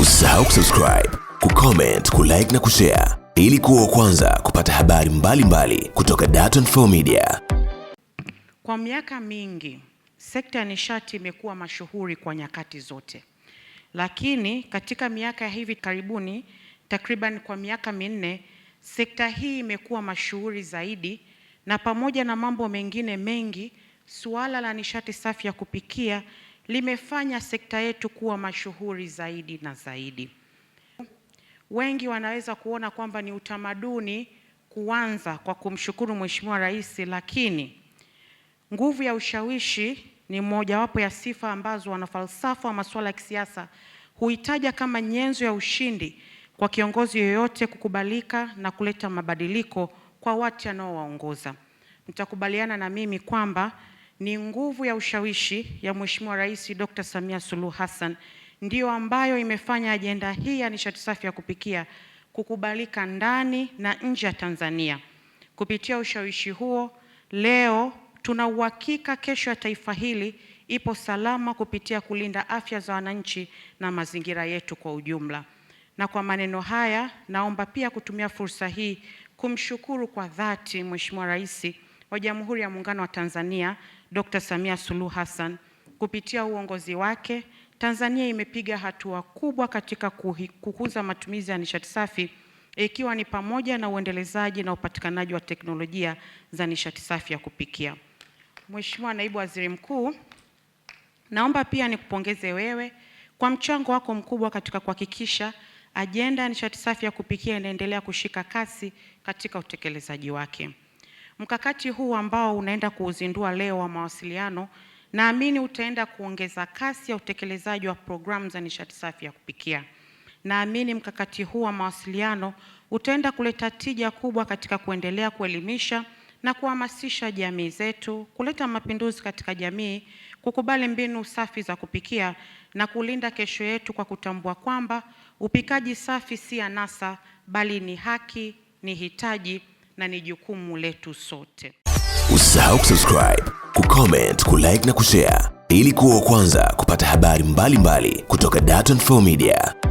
Usisahau kusubscribe, kucomment, kulike na kushare ili kuwa kwanza kupata habari mbalimbali mbali kutoka Dar24 Media. Kwa miaka mingi sekta ya nishati imekuwa mashuhuri kwa nyakati zote, lakini katika miaka ya hivi karibuni, takriban kwa miaka minne, sekta hii imekuwa mashuhuri zaidi, na pamoja na mambo mengine mengi, suala la nishati safi ya kupikia limefanya sekta yetu kuwa mashuhuri zaidi na zaidi. Wengi wanaweza kuona kwamba ni utamaduni kuanza kwa kumshukuru Mheshimiwa Rais, lakini nguvu ya ushawishi ni mojawapo ya sifa ambazo wanafalsafa wa masuala ya kisiasa huitaja kama nyenzo ya ushindi kwa kiongozi yoyote kukubalika na kuleta mabadiliko kwa watu anaowaongoza. Mtakubaliana na mimi kwamba ni nguvu ya ushawishi ya Mheshimiwa Rais Dr. Samia Suluhu Hassan ndiyo ambayo imefanya ajenda hii ya nishati safi ya kupikia kukubalika ndani na nje ya Tanzania. Kupitia ushawishi huo, leo tuna uhakika kesho ya taifa hili ipo salama kupitia kulinda afya za wananchi na mazingira yetu kwa ujumla. Na kwa maneno haya, naomba pia kutumia fursa hii kumshukuru kwa dhati Mheshimiwa Rais wa Jamhuri ya Muungano wa Tanzania Dr. Samia Suluhu Hassan kupitia uongozi wake Tanzania imepiga hatua kubwa katika kukuza matumizi ya nishati safi ikiwa ni pamoja na uendelezaji na upatikanaji wa teknolojia za nishati safi ya kupikia. Mheshimiwa Naibu Waziri Mkuu, naomba pia nikupongeze wewe kwa mchango wako mkubwa katika kuhakikisha ajenda ya nishati safi ya kupikia inaendelea kushika kasi katika utekelezaji wake. Mkakati huu ambao unaenda kuuzindua leo wa mawasiliano, naamini utaenda kuongeza kasi ya utekelezaji wa programu za nishati safi ya kupikia. Naamini mkakati huu wa mawasiliano utaenda kuleta tija kubwa katika kuendelea kuelimisha na kuhamasisha jamii zetu, kuleta mapinduzi katika jamii, kukubali mbinu safi za kupikia na kulinda kesho yetu kwa kutambua kwamba upikaji safi si anasa, bali ni haki, ni hitaji na ni jukumu letu sote. Usisahau kusubscribe, kucomment, kulike na kushare ili kuwa wa kwanza kupata habari mbalimbali mbali kutoka Dar24 Media.